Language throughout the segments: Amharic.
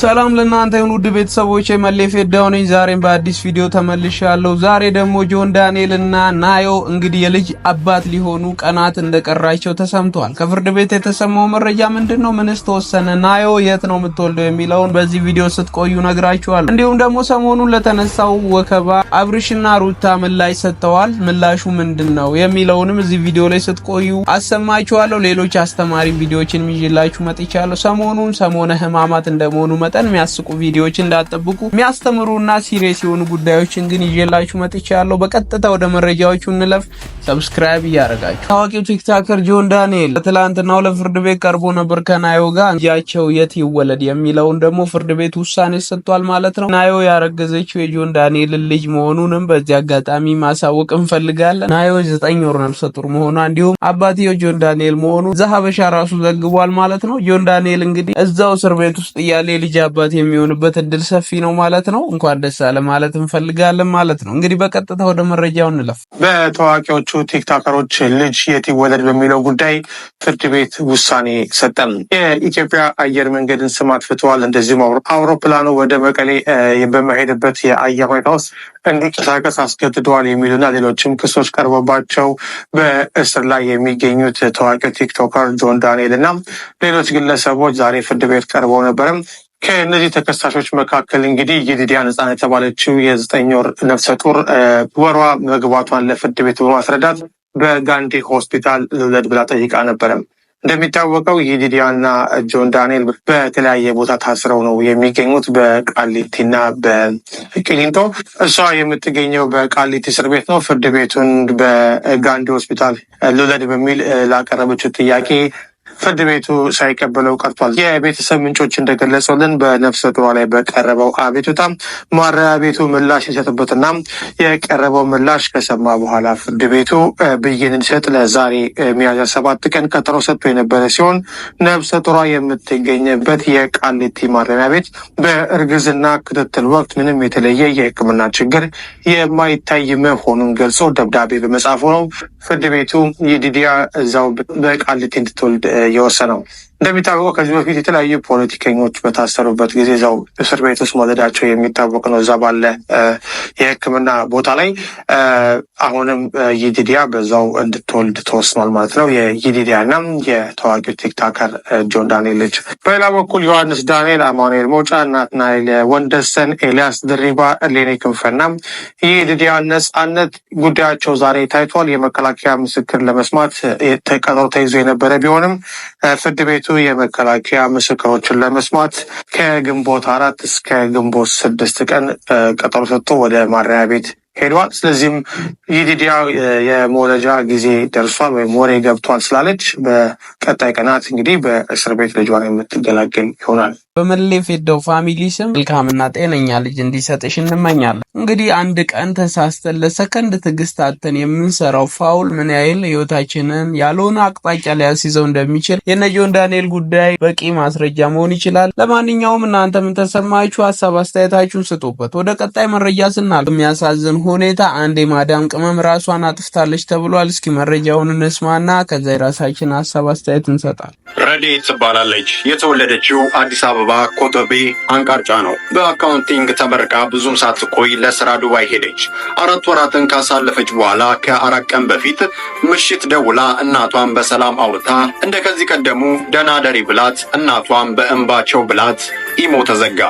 ሰላም ለእናንተ ይሁን ውድ ቤተሰቦች፣ የመሌፌ ነኝ። ዛሬም በአዲስ ቪዲዮ ተመልሻለሁ። ዛሬ ደግሞ ጆን ዳንኤል እና ናዮ እንግዲህ የልጅ አባት ሊሆኑ ቀናት እንደቀራቸው ተሰምቷል። ከፍርድ ቤት የተሰማው መረጃ ምንድን ነው? ምንስ ተወሰነ? ናዮ የት ነው የምትወልደው የሚለውን በዚህ ቪዲዮ ስትቆዩ ነግራችኋል። እንዲሁም ደግሞ ሰሞኑን ለተነሳው ወከባ አብርሽና ሩታ ምላሽ ሰጥተዋል። ምላሹ ምንድን ነው የሚለውንም እዚህ ቪዲዮ ላይ ስትቆዩ አሰማችኋለሁ። ሌሎች አስተማሪ ቪዲዮዎችን ይዤላችሁ መጥቻለሁ። ሰሞኑን ሰሞነ ህማማት እንደመሆኑ መጠን የሚያስቁ ቪዲዮዎችን እንዳጠብቁ የሚያስተምሩና ሲሪየስ የሆኑ ጉዳዮችን ግን ይዤላችሁ መጥቻለሁ። በቀጥታ ወደ መረጃዎቹ እንለፍ። ሰብስክራይብ እያደረጋችሁ ታዋቂው ቲክቶከር ጆን ዳንኤል በትላንትናው ለፍርድ ቤት ቀርቦ ነበር ከናዮ ጋር ልጃቸው የት ይወለድ የሚለውን ደግሞ ፍርድ ቤት ውሳኔ ሰጥቷል ማለት ነው። ናዮ ያረገዘችው የጆን ዳንኤል ልጅ መሆኑንም በዚህ አጋጣሚ ማሳወቅ እንፈልጋለን። ናዮ ዘጠኝ ወር ነፍሰ ጡር መሆኗ እንዲሁም አባትየው ጆን ዳንኤል መሆኑ ዘሀበሻ ራሱ ዘግቧል ማለት ነው። ጆን ዳንኤል እንግዲህ እዛው እስር ቤት ውስጥ እያለ ልጅ አባት የሚሆንበት እድል ሰፊ ነው ማለት ነው። እንኳን ደስ አለ ማለት እንፈልጋለን ማለት ነው። እንግዲህ በቀጥታ ወደ መረጃው እንለፍ። በታዋቂዎቹ ቲክቶከሮች ልጅ ይወለድ በሚለው ጉዳይ ፍርድ ቤት ውሳኔ ሰጠም። የኢትዮጵያ አየር መንገድን ስም አጥፍተዋል፣ እንደዚሁም አውሮፕላኑ ወደ መቀሌ በመሄድበት የአየር ሁኔታ ውስጥ እንዲንቀሳቀስ አስገድደዋል የሚሉና ሌሎችም ክሶች ቀርቦባቸው በእስር ላይ የሚገኙት ታዋቂ ቲክቶከር ጆን ዳንኤል እና ሌሎች ግለሰቦች ዛሬ ፍርድ ቤት ቀርበው ነበረም። ከእነዚህ ተከሳሾች መካከል እንግዲህ የዲዲያ ነጻነት የተባለችው የዘጠኝ ወር ነፍሰ ጡር ወሯ መግባቷን ለፍርድ ቤት በማስረዳት በጋንዲ ሆስፒታል ልውለድ ብላ ጠይቃ ነበረም። እንደሚታወቀው የዲዲያና ጆን ዳንኤል በተለያየ ቦታ ታስረው ነው የሚገኙት፣ በቃሊቲና በቂሊንጦ። እሷ የምትገኘው በቃሊቲ እስር ቤት ነው። ፍርድ ቤቱን በጋንዲ ሆስፒታል ልውለድ በሚል ላቀረበችው ጥያቄ ፍርድ ቤቱ ሳይቀበለው ቀርቷል። የቤተሰብ ምንጮች እንደገለጸልን በነፍሰ ጡሯ ላይ በቀረበው አቤቱታ ማረሚያ ቤቱ ምላሽ የሰጥበትና የቀረበው ምላሽ ከሰማ በኋላ ፍርድ ቤቱ ብይን እንዲሰጥ ለዛሬ ሚያዝያ ሰባት ቀን ቀጠሮ ሰጥቶ የነበረ ሲሆን ነፍሰ ጡሯ የምትገኝበት የቃሊቲ ማረሚያ ቤት በእርግዝና ክትትል ወቅት ምንም የተለየ የሕክምና ችግር የማይታይ መሆኑን ገልጾ ደብዳቤ በመጻፉ ነው ፍርድ ቤቱ የዲዲያ እዛው በቃሊቲ እንድትወልድ yourself. እንደሚታወቀው ከዚህ በፊት የተለያዩ ፖለቲከኞች በታሰሩበት ጊዜ እዛው እስር ቤት ውስጥ መወለዳቸው የሚታወቅ ነው። እዛ ባለ የሕክምና ቦታ ላይ አሁንም ይዲዲያ በዛው እንድትወልድ ተወስኗል ማለት ነው። የይዲዲያ እና የታዋቂው ቲክታከር ጆን ዳንኤል ልጅ። በሌላ በኩል ዮሐንስ ዳንኤል፣ አማኑኤል ሞጫ፣ ናትናኤል ወንደሰን፣ ኤልያስ ድሪባ፣ ሌኔ ክንፈና የይዲዲያ ነጻነት ጉዳያቸው ዛሬ ታይቷል። የመከላከያ ምስክር ለመስማት ቀጠሮ ተይዞ የነበረ ቢሆንም ፍርድ ቤቱ የመከላከያ ምስክሮችን ለመስማት ከግንቦት አራት እስከ ግንቦት ስድስት ቀን ቀጠሮ ሰጥቶ ወደ ማረሚያ ቤት ሄዷል። ስለዚህም የዲዲያ የመውለጃ ጊዜ ደርሷል ወይም ወሬ ገብቷል ስላለች በቀጣይ ቀናት እንግዲህ በእስር ቤት ልጇ የምትገላገል ይሆናል። በመሌ ፌዶ ፋሚሊ ስም መልካምና ጤነኛ ልጅ እንዲሰጥሽ እንመኛለን። እንግዲህ አንድ ቀን ተሳስተን ለሰከንድ ትዕግስት የምንሰራው ፋውል ምን ያህል ህይወታችንን ያልሆነ አቅጣጫ ሊያስይዘው እንደሚችል የነጆን ዳንኤል ጉዳይ በቂ ማስረጃ መሆን ይችላል። ለማንኛውም እናንተ ምን ተሰማችሁ? ሀሳብ አስተያየታችሁን ስጡበት። ወደ ቀጣይ መረጃ ስናል የሚያሳዝን ሁኔታ አንድ የማዳም ቅመም ራሷን አጥፍታለች ተብሏል። እስኪ መረጃውን እንስማና ከዛ የራሳችን ሀሳብ አስተያየት እንሰጣል። ረዴ ትባላለች። የተወለደችው አዲስ አበባ ኮተቤ አንቃርጫ ነው። በአካውንቲንግ ተመርቃ ብዙም ሳትቆይ ለስራ ዱባይ ሄደች። አራት ወራትን ካሳለፈች በኋላ ከአራት ቀን በፊት ምሽት ደውላ እናቷን በሰላም አውጥታ እንደ ከዚህ ቀደሙ ደናደሪ ብላት እናቷን በእንባቸው ብላት ኢሞ ተዘጋ።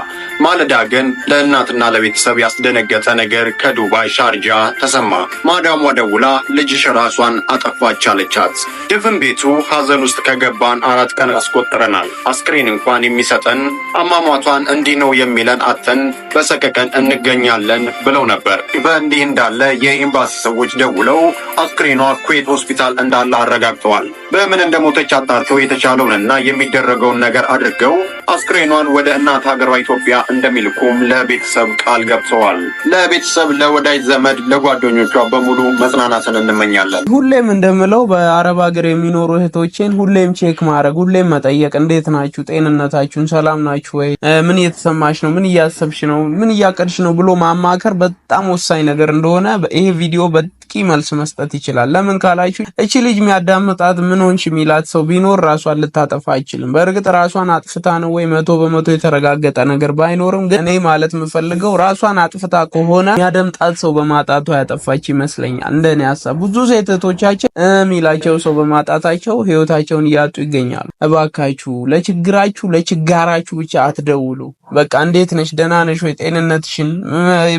ማለዳ ግን ለእናትና ለቤተሰብ ያስደነገጠ ነገር ከዱባይ ሻርጃ ተሰማ። ማዳሟ ደውላ ልጅሽ ራሷን አጠፋች አለቻት። ድፍን ቤቱ ሀዘን ውስጥ ከገባን አራት ቀን አስቆጥረናል። አስክሬን እንኳን የሚሰጠን አሟሟቷን እንዲህ ነው የሚለን አተን በሰቀቀን እንገኛለን ብለው ነበር። በእንዲህ እንዳለ የኤምባሲ ሰዎች ደውለው አስክሬኗ ኩዌት ሆስፒታል እንዳለ አረጋግጠዋል። በምን እንደሞተች አጣርተው የተቻለውንና የሚደረገውን ነገር አድርገው አስክሬኗን ወደ እናት ሀገሯ ኢትዮጵያ እንደሚልኩም ለቤተሰብ ቃል ገብተዋል። ለቤተሰብ ለወዳጅ ዘመድ፣ ለጓደኞቿ በሙሉ መጽናናትን እንመኛለን። ሁሌም እንደምለው በአረብ ሀገር የሚኖሩ እህቶቼን ሁሌም ቼክ ማድረግ፣ ሁሌም መጠየቅ፣ እንዴት ናችሁ? ጤንነታችሁን፣ ሰላም ናችሁ ወይ? ምን እየተሰማሽ ነው? ምን እያሰብሽ ነው? ምን እያቀድሽ ነው? ብሎ ማማከር በጣም ወሳኝ ነገር እንደሆነ ይሄ ቪዲዮ በጥቂ መልስ መስጠት ይችላል። ለምን ካላችሁ እቺ ልጅ የሚያዳምጣት ምን ሆንሽ የሚላት ሰው ቢኖር ራሷን ልታጠፋ አይችልም። በእርግጥ ራሷን አጥፍታ ነው ወይ መቶ በመቶ የተረጋገጠ ነገር ባይኖርም፣ ግን እኔ ማለት የምፈልገው ራሷን አጥፍታ ከሆነ የሚያደምጣት ሰው በማጣቷ ያጠፋች ይመስለኛል። እንደኔ ሀሳብ ብዙ ሴት እህቶቻችን የሚላቸው ሰው በማጣታቸው ህይወታቸውን እያጡ ይገኛሉ። እባካችሁ ለችግራችሁ ለችጋራችሁ ብቻ አትደውሉ። በቃ እንዴት ነሽ? ደህና ነሽ ወይ? ጤንነትሽን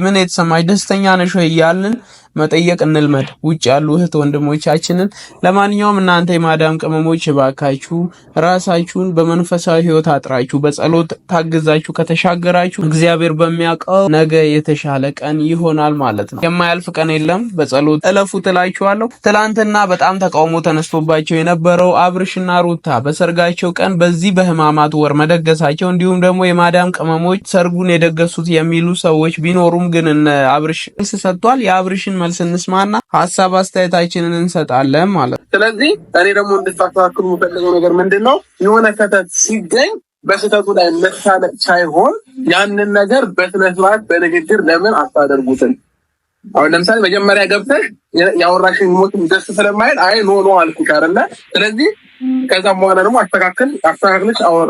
ምን የተሰማሽ? ደስተኛ ነሽ ወይ? እያልን መጠየቅ እንልመድ፣ ውጭ ያሉ እህት ወንድሞቻችንን። ለማንኛውም እናንተ የማዳም ቅመሞች እባካችሁ ራሳችሁን በመንፈሳዊ ህይወት አጥራችሁ በጸሎት ታግዛችሁ ከተሻገራችሁ እግዚአብሔር በሚያውቀው ነገ የተሻለ ቀን ይሆናል ማለት ነው። የማያልፍ ቀን የለም። በጸሎት እለፉ ትላችኋለሁ። ትላንትና በጣም ተቃውሞ ተነስቶባቸው የነበረው አብርሽና ሩታ በሰርጋቸው ቀን በዚህ በህማማት ወር መደገሳቸው እንዲሁም ደግሞ የማዳም ቅመሞች ሰርጉን የደገሱት የሚሉ ሰዎች ቢኖሩም ግን አብርሽ ሰጥቷል። የአብርሽን መልስ እንስማና ሀሳብ አስተያየታችንን እንሰጣለን ማለት ነው። ስለዚህ እኔ ደግሞ እንድታስተካክሉ የምፈልገው ነገር ምንድን ነው፣ የሆነ ስህተት ሲገኝ በስህተቱ ላይ መሳለቅ ሳይሆን ያንን ነገር በስነስርዓት በንግግር ለምን አታደርጉትን? አሁን ለምሳሌ መጀመሪያ ገብተህ የአወራሽን ሞት ደስ ስለማይል አይ ኖ ኖ አልኩ አይደለ? ስለዚህ ከዛም በኋላ ደግሞ አስተካክል አስተካክልሽ አወር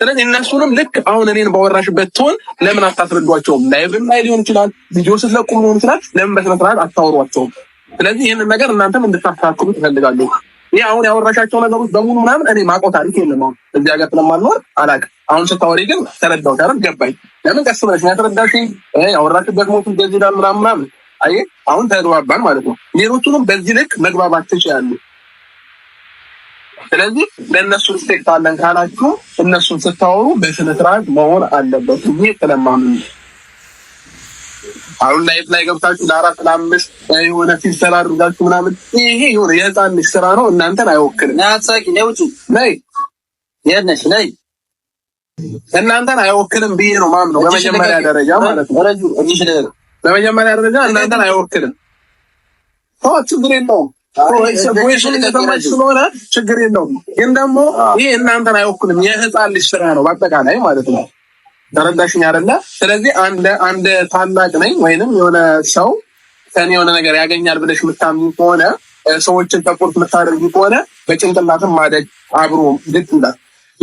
ስለዚህ እነሱንም ልክ አሁን እኔን ባወራሽበት ትሆን ለምን አታስረዷቸውም? ላይብም ላይ ሊሆን ይችላል፣ ቪዲዮ ስትለቁም ሊሆን ይችላል። ለምን በስነስርዓት አታወሯቸውም? ስለዚህ ይህንን ነገር እናንተም እንድታስተካክሉ ትፈልጋለሁ። ይህ አሁን ያወራሻቸው ነገሮች በሙሉ ምናምን እኔ ማውቀው ታሪክ የለም። አሁን እዚህ ሀገር ስለማልኖር አላቅ። አሁን ስታወሪ ግን ተረዳው ታረም ገባኝ። ለምን ቀስ ብለሽ ያስረዳሽ ያወራሽበት ሞቱ እንደዚህ ይላል ምናምን አይ አሁን ተግባባን ማለት ነው። ሌሎቹንም በዚህ ልክ መግባባት ትችያለሽ። ስለዚህ ለእነሱ ሪስፔክት አለን ካላችሁ እነሱን ስታወሩ በስነስርዓት መሆን አለበት ይ ስለማምን አሁን ላይፍ ላይ ገብታችሁ ለአራት ለአምስት የሆነ ፊልተር አድርጋችሁ ምናምን ይሄ የሆነ የህፃን ስራ ነው። እናንተን አይወክልም። ሳቂ ውጭ ነይ የነሽ ነይ እናንተን አይወክልም ብዬ ነው ማምነው። በመጀመሪያ ደረጃ ማለት ነው። በመጀመሪያ ደረጃ እናንተን አይወክልም። ችግር የለውም። ስለሆነ ችግር የለውም። ግን ደግሞ ይህ እናንተን አይወክልም። የህፃን ልጅ ስራ ነው በአጠቃላይ ማለት ነው። ተረዳሽኝ አይደለ? ስለዚህ አንድ ታላቅ ነኝ ወይንም የሆነ ሰው ከኔ የሆነ ነገር ያገኛል ብለሽ የምታምኝ ከሆነ ሰዎችን ተቆርት የምታደርጊ ከሆነ በጭንቅላትም ማደግ አብሮ ግድ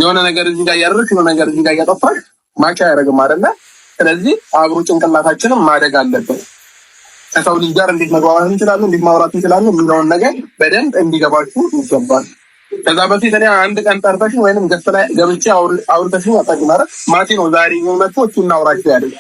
የሆነ ነገር እዚህ ጋር እያደረግሽ የሆነ ነገር እዚህ ጋር እያጠፋሽ ማቻ አያደርግም አይደለ? ስለዚህ አብሮ ጭንቅላታችንም ማደግ አለበት። ከሰው ልጅ ጋር እንዴት መግባባት እንችላለን፣ እንዴት ማውራት እንችላለን የሚለውን ነገር በደንብ እንዲገባችሁ ይገባል። ከዛ በፊት እኔ አንድ ቀን ጠርተሽ ወይም ገስ ላይ ገብቼ አውርተሽ አታውቂም። ኧረ ማቲ ነው ዛሬ መጥቶ እሱ እናውራችሁ ያለ።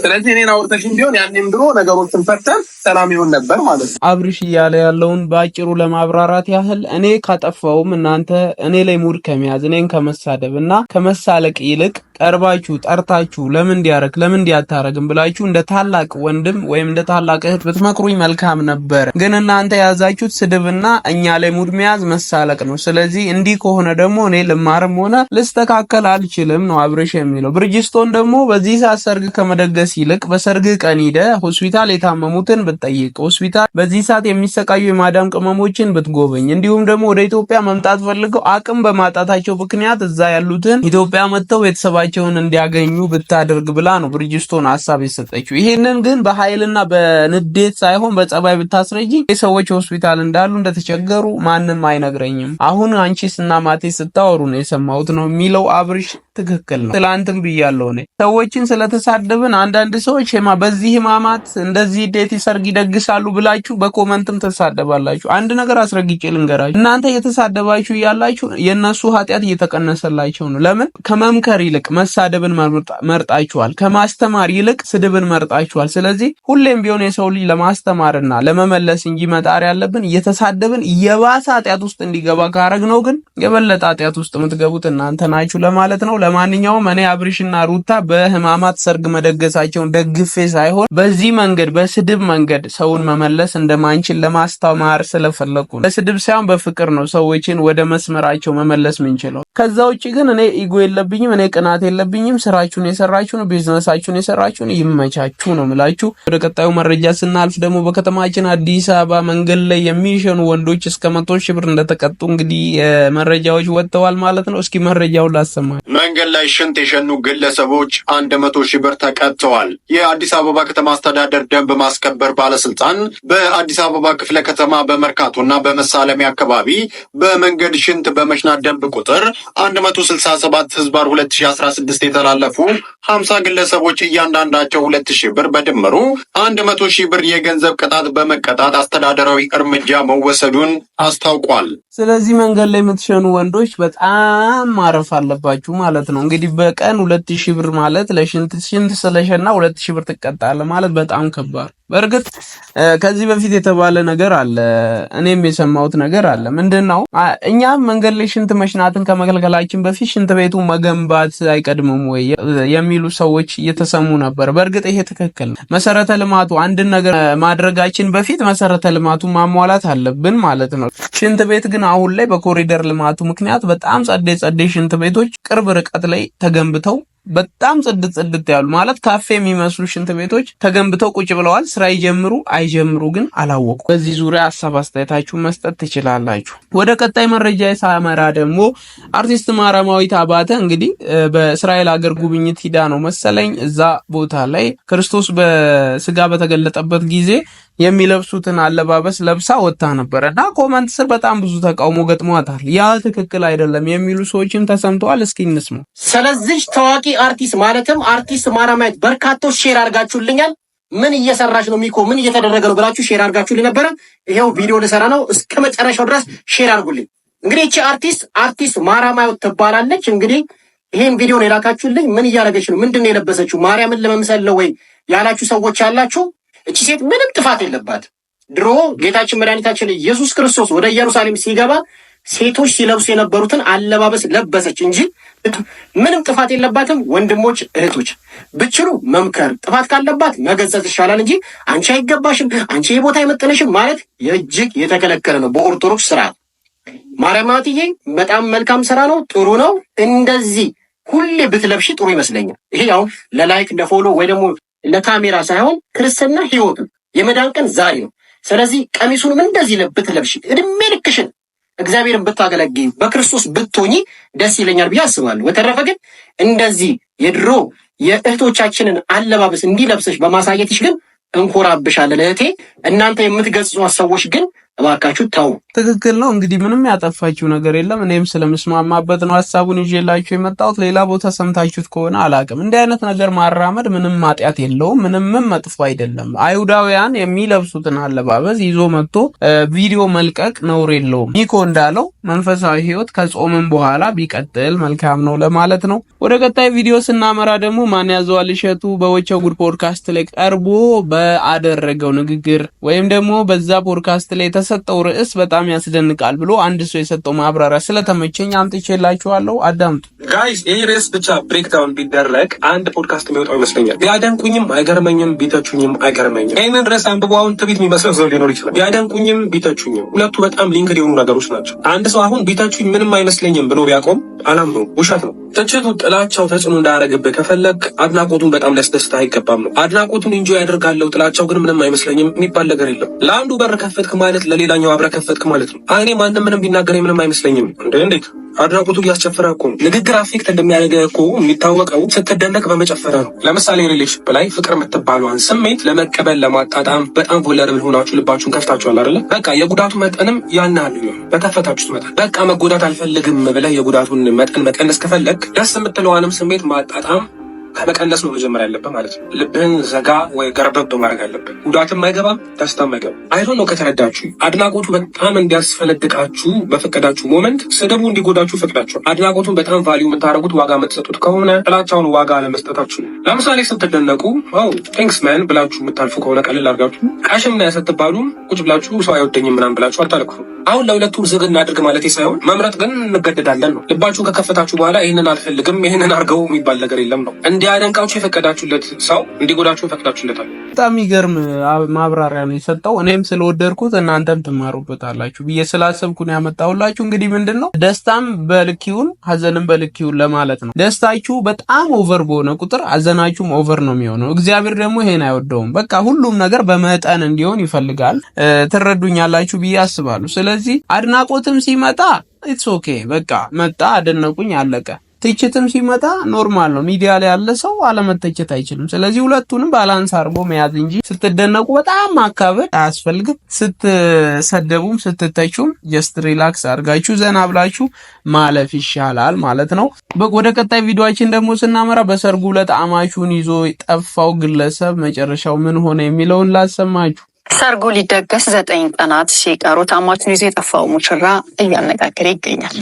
ስለዚህ እኔን አውርተሽን ቢሆን ያኔም ድሮ ነገሮችን ፈተን ሰላም ይሆን ነበር ማለት ነው። አብርሽ እያለ ያለውን በአጭሩ ለማብራራት ያህል እኔ ካጠፋውም እናንተ እኔ ላይ ሙድ ከመያዝ እኔን ከመሳደብ እና ከመሳለቅ ይልቅ ቀርባችሁ ጠርታችሁ ለምን እንዲያረግ ለምን እንዲያታረግም ብላችሁ እንደ ታላቅ ወንድም ወይም እንደ ታላቅ እህት ብትመክሩኝ መልካም ነበር። ግን እናንተ የያዛችሁት ስድብና እኛ ላይ ሙድ መያዝ መሳለቅ ነው። ስለዚህ እንዲህ ከሆነ ደግሞ እኔ ልማርም ሆነ ልስተካከል አልችልም ነው አብርሽ የሚለው። ብርጅስቶን ደግሞ በዚህ ሰዓት ሰርግ ከመደገስ ይልቅ በሰርግ ቀን ሂደ ሆስፒታል የታመሙትን ብትጠይቅ፣ ሆስፒታል በዚህ ሰዓት የሚሰቃዩ የማዳም ቅመሞችን ብትጎበኝ፣ እንዲሁም ደግሞ ወደ ኢትዮጵያ መምጣት ፈልገው አቅም በማጣታቸው ምክንያት እዛ ያሉትን ኢትዮጵያ መጥተው ቤተሰባቸው መብታቸውን እንዲያገኙ ብታደርግ ብላ ነው ብርጅስቶን ሀሳብ የሰጠችው። ይሄንን ግን በኃይልና በንዴት ሳይሆን በጸባይ ብታስረጅኝ የሰዎች ሆስፒታል እንዳሉ እንደተቸገሩ ማንም አይነግረኝም። አሁን አንቺስ እና ማቴ ስታወሩ ነው የሰማሁት ነው የሚለው አብርሽ ትክክል ነው። ትላንትም ብያለሁ እኔ ሰዎችን ስለተሳደብን አንዳንድ ሰዎች ማ በዚህ ህማማት እንደዚህ ዴት ሰርግ ይደግሳሉ ብላችሁ በኮመንትም ትሳደባላችሁ። አንድ ነገር አስረግጬ ልንገራችሁ፣ እናንተ እየተሳደባችሁ እያላችሁ የእነሱ ኃጢአት እየተቀነሰላቸው ነው። ለምን ከመምከር ይልቅ መሳደብን መርጣችኋል። ከማስተማር ይልቅ ስድብን መርጣችኋል። ስለዚህ ሁሌም ቢሆን የሰው ልጅ ለማስተማርና ለመመለስ እንጂ መጣር ያለብን እየተሳደብን የባሰ ኃጢአት ውስጥ እንዲገባ ካረግ ነው ግን የበለጠ ኃጢአት ውስጥ የምትገቡት እናንተ ናችሁ ለማለት ነው። ለማንኛውም እኔ አብርሽና ሩታ በህማማት ሰርግ መደገሳቸውን ደግፌ ሳይሆን በዚህ መንገድ በስድብ መንገድ ሰውን መመለስ እንደማንችል ለማስተማር ስለፈለኩ ነው። በስድብ ሳይሆን በፍቅር ነው ሰዎችን ወደ መስመራቸው መመለስ ምንችለው። ከዛ ውጭ ግን እኔ ኢጎ የለብኝም እኔ ቅናት መውጣት የለብኝም። ስራችሁን ነው፣ ቢዝነሳችሁን ነው፣ ይመቻችሁ ነው ምላችሁ። ወደ ቀጣዩ መረጃ ስናልፍ ደግሞ በከተማችን አዲስ አበባ መንገድ ላይ የሚሸኑ ወንዶች እስከ መቶ ሺህ ብር እንደተቀጡ እንግዲህ መረጃዎች ወጥተዋል ማለት ነው። እስኪ መረጃውን ላሰማ። መንገድ ላይ ሽንት የሸኑ ግለሰቦች አንድ መቶ ሺህ ብር ተቀጥተዋል። የአዲስ አበባ ከተማ አስተዳደር ደንብ ማስከበር ባለስልጣን በአዲስ አበባ ክፍለ ከተማ በመርካቶና በመሳለሚያ አካባቢ በመንገድ ሽንት በመሽናት ደንብ ቁጥር 167 ህዝባር 2017 ስድስት የተላለፉ ሀምሳ ግለሰቦች እያንዳንዳቸው ሁለት ሺህ ብር በድምሩ አንድ መቶ ሺህ ብር የገንዘብ ቅጣት በመቀጣት አስተዳደራዊ እርምጃ መወሰዱን አስታውቋል። ስለዚህ መንገድ ላይ የምትሸኑ ወንዶች በጣም ማረፍ አለባችሁ ማለት ነው። እንግዲህ በቀን ሁለት ሺህ ብር ማለት ለሽንት ሽንት ስለሸና ሁለት ሺህ ብር ትቀጣለ ማለት በጣም ከባድ በእርግጥ ከዚህ በፊት የተባለ ነገር አለ፣ እኔም የሰማሁት ነገር አለ። ምንድን ነው እኛ መንገድ ላይ ሽንት መሽናትን ከመከልከላችን በፊት ሽንት ቤቱ መገንባት አይቀድምም ወይ የሚሉ ሰዎች እየተሰሙ ነበር። በእርግጥ ይሄ ትክክል ነው። መሰረተ ልማቱ አንድን ነገር ማድረጋችን በፊት መሰረተ ልማቱ ማሟላት አለብን ማለት ነው። ሽንት ቤት ግን አሁን ላይ በኮሪደር ልማቱ ምክንያት በጣም ጸዴ ጸዴ ሽንት ቤቶች ቅርብ ርቀት ላይ ተገንብተው በጣም ጽድት ጽድት ያሉ ማለት ካፌ የሚመስሉ ሽንት ቤቶች ተገንብተው ቁጭ ብለዋል። ስራ ይጀምሩ አይጀምሩ ግን አላወቁ። በዚህ ዙሪያ ሀሳብ አስተያየታችሁ መስጠት ትችላላችሁ። ወደ ቀጣይ መረጃ ሳመራ ደግሞ አርቲስት ማራማዊት አባተ እንግዲህ በእስራኤል ሀገር ጉብኝት ሂዳ ነው መሰለኝ እዛ ቦታ ላይ ክርስቶስ በስጋ በተገለጠበት ጊዜ የሚለብሱትን አለባበስ ለብሳ ወጥታ ነበረ እና ኮመንት ስር በጣም ብዙ ተቃውሞ ገጥሟታል። ያ ትክክል አይደለም የሚሉ ሰዎችም ተሰምተዋል። እስኪ እንስማ። ስለዚህ ታዋቂ አርቲስት ማለትም አርቲስት ማራማየት በርካቶች ሼር አድርጋችሁልኛል። ምን እየሰራች ነው ሚኮ፣ ምን እየተደረገ ነው ብላችሁ ሼር አድርጋችሁልኝ ነበረ። ይሄው ቪዲዮ ልሰራ ነው፣ እስከ መጨረሻው ድረስ ሼር አድርጉልኝ። እንግዲህ እቺ አርቲስት አርቲስት ማራማየት ትባላለች። እንግዲህ ይሄን ቪዲዮ ነው የላካችሁልኝ። ምን እያደረገች ነው? ምንድን ነው የለበሰችው? ማርያምን ለመምሰል ነው ወይ ያላችሁ ሰዎች ያላችሁ፣ እቺ ሴት ምንም ጥፋት የለባት። ድሮ ጌታችን መድኃኒታችን ኢየሱስ ክርስቶስ ወደ ኢየሩሳሌም ሲገባ ሴቶች ሲለብሱ የነበሩትን አለባበስ ለበሰች እንጂ ምንም ጥፋት የለባትም። ወንድሞች እህቶች፣ ብችሉ መምከር፣ ጥፋት ካለባት መገሰጽ ይሻላል እንጂ አንቺ አይገባሽም፣ አንቺ የቦታ አይመጥንሽም ማለት እጅግ የተከለከለ ነው በኦርቶዶክስ ስርዓት። ማርያም በጣም መልካም ስራ ነው፣ ጥሩ ነው። እንደዚህ ሁሌ ብትለብሺ ጥሩ ይመስለኛል። ይሄ አሁን ለላይክ ለፎሎ ወይ ደግሞ ለካሜራ ሳይሆን ክርስትና ህይወቱ የመዳን ቀን ዛሬ ነው። ስለዚህ ቀሚሱንም እንደዚህ ብትለብሽ እድሜ ልክሽን እግዚአብሔርን ብታገለግኝ በክርስቶስ ብትሆኚ ደስ ይለኛል ብዬ አስባለሁ። በተረፈ ግን እንደዚህ የድሮ የእህቶቻችንን አለባበስ እንዲለብሰሽ በማሳየትሽ ግን እንኮራብሻለን እህቴ። እናንተ የምትገጽ ሰዎች ግን እባካችሁ ተው። ትክክል ነው። እንግዲህ ምንም ያጠፋችው ነገር የለም። እኔም ስለምስማማበት ነው ሀሳቡን ይዤላችሁ የመጣሁት። ሌላ ቦታ ሰምታችሁት ከሆነ አላቅም። እንዲህ አይነት ነገር ማራመድ ምንም ማጥያት የለውም፣ ምንምም መጥፎ አይደለም። አይሁዳውያን የሚለብሱትን አለባበስ ይዞ መጥቶ ቪዲዮ መልቀቅ ነውር የለውም። ኒኮ እንዳለው መንፈሳዊ ህይወት ከጾምም በኋላ ቢቀጥል መልካም ነው ለማለት ነው። ወደ ቀጣይ ቪዲዮ ስናመራ ደግሞ ማን ያዘዋል እሸቱ በወቸው ጉድ ፖድካስት ላይ ቀርቦ በአደረገው ንግግር ወይም ደግሞ በዛ ፖድካስት ላይ ለሰጠው ርዕስ በጣም ያስደንቃል ብሎ አንድ ሰው የሰጠው ማብራሪያ ስለተመቸኝ አምጥቼላችኋለሁ። አዳምጡ ጋይስ። ይህ ርዕስ ብቻ ብሬክዳውን ቢደረግ አንድ ፖድካስት የሚወጣው ይመስለኛል። ቢያደንቁኝም አይገርመኝም፣ ቢተቹኝም አይገርመኝም። ይህንን ርዕስ አንብቦ አሁን ትቢት የሚመስለው ሰው ሊኖር ይችላል። ቢያደንቁኝም ቢተቹኝም ሁለቱ በጣም ሊንክድ የሆኑ ነገሮች ናቸው። አንድ ሰው አሁን ቢተቹኝ ምንም አይመስለኝም ብሎ ቢያቆም ነው፣ ውሸት ነው። ትችቱ ጥላቻው ተጽዕኖ እንዳያደረግብህ ከፈለግ አድናቆቱን በጣም ሊያስደስት አይገባም ነው። አድናቆቱን እንጂ ያደርጋለሁ ጥላቻው ግን ምንም አይመስለኝም የሚባል ነገር የለም። ለአንዱ በር ከፈትክ ማለት ለሌላኛው አብረህ ከፈትክ ማለት ነው። እኔ ማንም ምንም ቢናገረኝ ምንም አይመስለኝም። እንደ እንዴት አድናቆቱ እያስጨፈረ እኮ ነው። ንግግር አፌክት እንደሚያደርገ እኮ የሚታወቀው ስትደነቅ በመጨፈረ ነው። ለምሳሌ ሪሌሽን ላይ ፍቅር የምትባሏን ስሜት ለመቀበል ለማጣጣም በጣም ቮለርብል ሆናችሁ ልባችሁን ከፍታችኋል አይደለ? በቃ የጉዳቱ መጠንም ያን ያህል በከፈታችሁት መጠን በቃ መጎዳት አልፈልግም ብለህ የጉዳቱን መጠን መቀነስ ከፈለግ ደስ የምትለዋንም ስሜት ማጣጣም ከመቀነስ ነው መጀመር ያለብህ ማለት ነው። ልብህን ዘጋ ወይ ገርበብ ማድረግ አለብህ። ጉዳትም አይገባም፣ ደስታም አይገባም። አይቶ ነው ከተረዳችሁ። አድናቆቱ በጣም እንዲያስፈነድቃችሁ በፈቀዳችሁ ሞመንት ስድቡ እንዲጎዳችሁ ፈቅዳችኋል። አድናቆቱን በጣም ቫሊዩ የምታደርጉት ዋጋ የምትሰጡት ከሆነ ጥላቻውን ዋጋ አለመስጠታችሁ ነው። ለምሳሌ ስትደነቁ ው ቴንክስ መን ብላችሁ የምታልፉ ከሆነ ቀልል አድርጋችሁ ቀሽም ና ስትባሉም ቁጭ ብላችሁ ሰው አይወደኝም ምናምን ብላችሁ አታልኩ። አሁን ለሁለቱም ዝግ እናድርግ ማለት ሳይሆን መምረጥ ግን እንገደዳለን ነው። ልባችሁን ከከፈታችሁ በኋላ ይህንን አልፈልግም፣ ይህንን አርገው የሚባል ነገር የለም ነው። እንዲያደንቃችሁ የፈቀዳችሁለት ሰው እንዲጎዳችሁ የፈቀዳችሁለታል። በጣም ይገርም ማብራሪያ ነው የሰጠው። እኔም ስለወደድኩት እናንተም ትማሩበታላችሁ ብዬ ስላሰብኩ ነው ያመጣሁላችሁ። እንግዲህ ምንድን ነው ደስታም በልኪውን ሀዘንም በልኪውን ለማለት ነው። ደስታችሁ በጣም ኦቨር በሆነ ቁጥር ሀዘናችሁም ኦቨር ነው የሚሆነው። እግዚአብሔር ደግሞ ይሄን አይወደውም። በቃ ሁሉም ነገር በመጠን እንዲሆን ይፈልጋል። ትረዱኛላችሁ ብዬ አስባለሁ። ስለዚህ አድናቆትም ሲመጣ ኢትስ ኦኬ በቃ መጣ፣ አደነቁኝ፣ አለቀ። ትችትም ሲመጣ ኖርማል ነው። ሚዲያ ላይ ያለ ሰው አለመተቸት አይችልም። ስለዚህ ሁለቱንም ባላንስ አድርጎ መያዝ እንጂ ስትደነቁ በጣም ማካበድ አያስፈልግም። ስትሰደቡም ስትተቹም ጀስት ሪላክስ አድርጋችሁ ዘና ብላችሁ ማለፍ ይሻላል ማለት ነው። ወደ ቀጣይ ቪዲዮችን ደግሞ ስናመራ በሰርጉ ዕለት አማቹን ይዞ ጠፋው ግለሰብ መጨረሻው ምን ሆነ የሚለውን ላሰማችሁ። ሰርጉ ሊደገስ ዘጠኝ ቀናት ሲቀሩት አማቹን ይዞ የጠፋው ሙሽራ እያነጋገረ ይገኛል።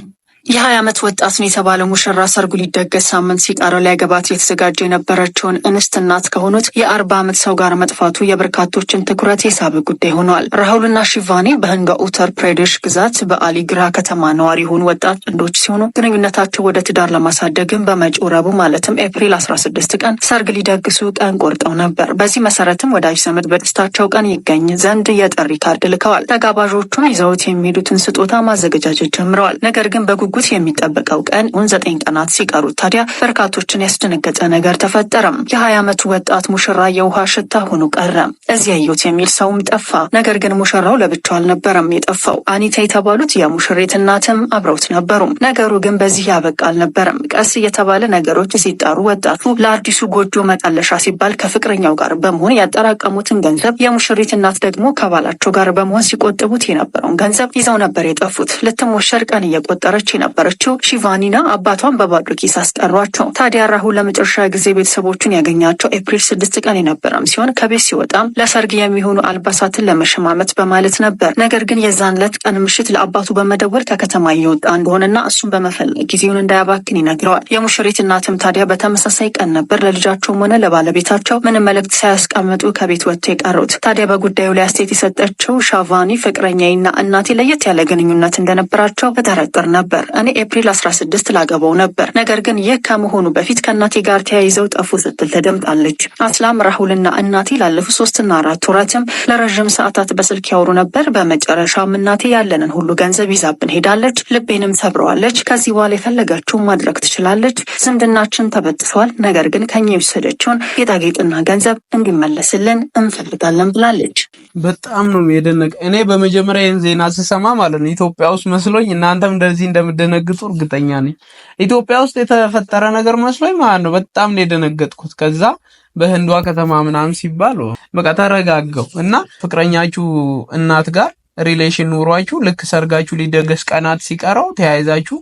የሀያ ዓመት ወጣት ነው የተባለ ሙሽራ ሰርጉ ሊደገስ ሳምንት ሲቀረው ሊያገባት የተዘጋጀ የነበረችውን እንስት እናት ከሆኑት የአርባ ዓመት ሰው ጋር መጥፋቱ የበርካቶችን ትኩረት የሳብ ጉዳይ ሆኗል። ራሁልና ሺቫኒ በህንጋ ኡተር ፕሬዴሽ ግዛት በአሊግራ ከተማ ነዋሪ የሆኑ ወጣት ጥንዶች ሲሆኑ ግንኙነታቸው ወደ ትዳር ለማሳደግም በመጪው ረቡዕ ማለትም ኤፕሪል 16 ቀን ሰርግ ሊደግሱ ቀን ቆርጠው ነበር። በዚህ መሰረትም ወዳጅ ዘመድ በደስታቸው ቀን ይገኝ ዘንድ የጥሪ ካርድ ልከዋል። ተጋባዦቹም ይዘውት የሚሄዱትን ስጦታ ማዘገጃጀት ጀምረዋል። ነገር ግን በጉ በጉጉት የሚጠበቀው ቀን እውን ዘጠኝ ቀናት ሲቀሩት ታዲያ በርካቶችን ያስደነገጠ ነገር ተፈጠረም። የሀያ ዓመቱ ወጣት ሙሽራ የውሃ ሽታ ሆኖ ቀረ። እዚያ አየሁት የሚል ሰውም ጠፋ። ነገር ግን ሙሽራው ለብቻው አልነበረም የጠፋው። አኒታ የተባሉት የሙሽሪት እናትም አብረውት ነበሩ። ነገሩ ግን በዚህ ያበቃ አልነበረም። ቀስ እየተባለ ነገሮች ሲጣሩ ወጣቱ ለአዲሱ ጎጆ መጣለሻ ሲባል ከፍቅረኛው ጋር በመሆን ያጠራቀሙትን ገንዘብ የሙሽሪት እናት ደግሞ ከባላቸው ጋር በመሆን ሲቆጥቡት የነበረውን ገንዘብ ይዘው ነበር የጠፉት። ልትሞሸር ቀን እየቆጠረች የነበረችው ሺቫኒና አባቷን በባዶ ኪስ አስቀሯቸው። ታዲያ ራሁል ለመጨረሻ ጊዜ ቤተሰቦቹን ያገኛቸው ኤፕሪል ስድስት ቀን የነበረም ሲሆን ከቤት ሲወጣም ለሰርግ የሚሆኑ አልባሳትን ለመሸማመት በማለት ነበር። ነገር ግን የዛን ዕለት ቀን ምሽት ለአባቱ በመደወል ከከተማ እየወጣ እንደሆነና እሱን በመፈለግ ጊዜውን እንዳያባክን ይነግረዋል። የሙሽሪት እናትም ታዲያ በተመሳሳይ ቀን ነበር ለልጃቸውም ሆነ ለባለቤታቸው ምንም መልእክት ሳያስቀምጡ ከቤት ወጥተው የቀሩት። ታዲያ በጉዳዩ ላይ አስተያየት የሰጠችው ሻቫኒ ፍቅረኛዬና እናቴ ለየት ያለ ግንኙነት እንደነበራቸው ተጠረጥር ነበር። እኔ ኤፕሪል 16 ላገባው ነበር፣ ነገር ግን ይህ ከመሆኑ በፊት ከእናቴ ጋር ተያይዘው ጠፉ ስትል ተደምጣለች። አስላም ራሁልና እናቴ ላለፉት ሶስትና አራት ወራትም ለረዥም ሰዓታት በስልክ ያወሩ ነበር። በመጨረሻም እናቴ ያለንን ሁሉ ገንዘብ ይዛብን ሄዳለች። ልቤንም ሰብረዋለች። ከዚህ በኋላ የፈለጋችው ማድረግ ትችላለች። ዝምድናችን ተበጥሷል። ነገር ግን ከኛ የወሰደችውን ጌጣጌጥና ገንዘብ እንዲመለስልን እንፈልጋለን ብላለች። በጣም ነው የደነቀ። እኔ በመጀመሪያ ይህን ዜና ስሰማ ማለት ነው ኢትዮጵያ ውስጥ መስሎኝ እናንተም እንደዚህ እንደምደ እንደማትደነግጡ እርግጠኛ ነኝ። ኢትዮጵያ ውስጥ የተፈጠረ ነገር መስሎኝ ማለት ነው። በጣም ነው የደነገጥኩት። ከዛ በህንዷ ከተማ ምናምን ሲባል በቃ ተረጋገው እና ፍቅረኛችሁ እናት ጋር ሪሌሽን ኑሯችሁ ልክ ሰርጋችሁ ሊደገስ ቀናት ሲቀረው ተያይዛችሁ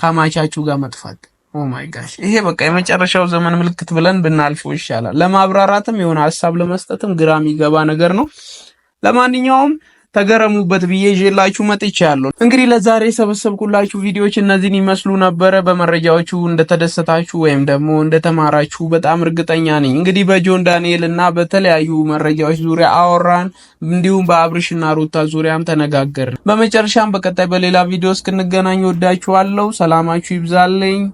ከማቻችሁ ጋር መጥፋት ኦ ማይ ጋሽ ይሄ በቃ የመጨረሻው ዘመን ምልክት ብለን ብናልፈው ይሻላል። ለማብራራትም የሆነ ሀሳብ ለመስጠትም ግራ የሚገባ ነገር ነው። ለማንኛውም ተገረሙበት ብዬ ይዤላችሁ መጥቻለሁ። እንግዲህ ለዛሬ የሰበሰብኩላችሁ ቪዲዮዎች እነዚህን ይመስሉ ነበረ። በመረጃዎቹ እንደተደሰታችሁ ወይም ደግሞ እንደተማራችሁ በጣም እርግጠኛ ነኝ። እንግዲህ በጆን ዳንኤል እና በተለያዩ መረጃዎች ዙሪያ አወራን፣ እንዲሁም በአብርሽና ሩታ ዙሪያም ተነጋገርን። በመጨረሻም በቀጣይ በሌላ ቪዲዮ እስክንገናኝ ወዳችኋለሁ። ሰላማችሁ ይብዛልኝ።